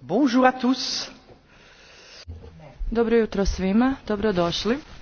Bonjour à tous. Dobro jutro svima, dobrodošli.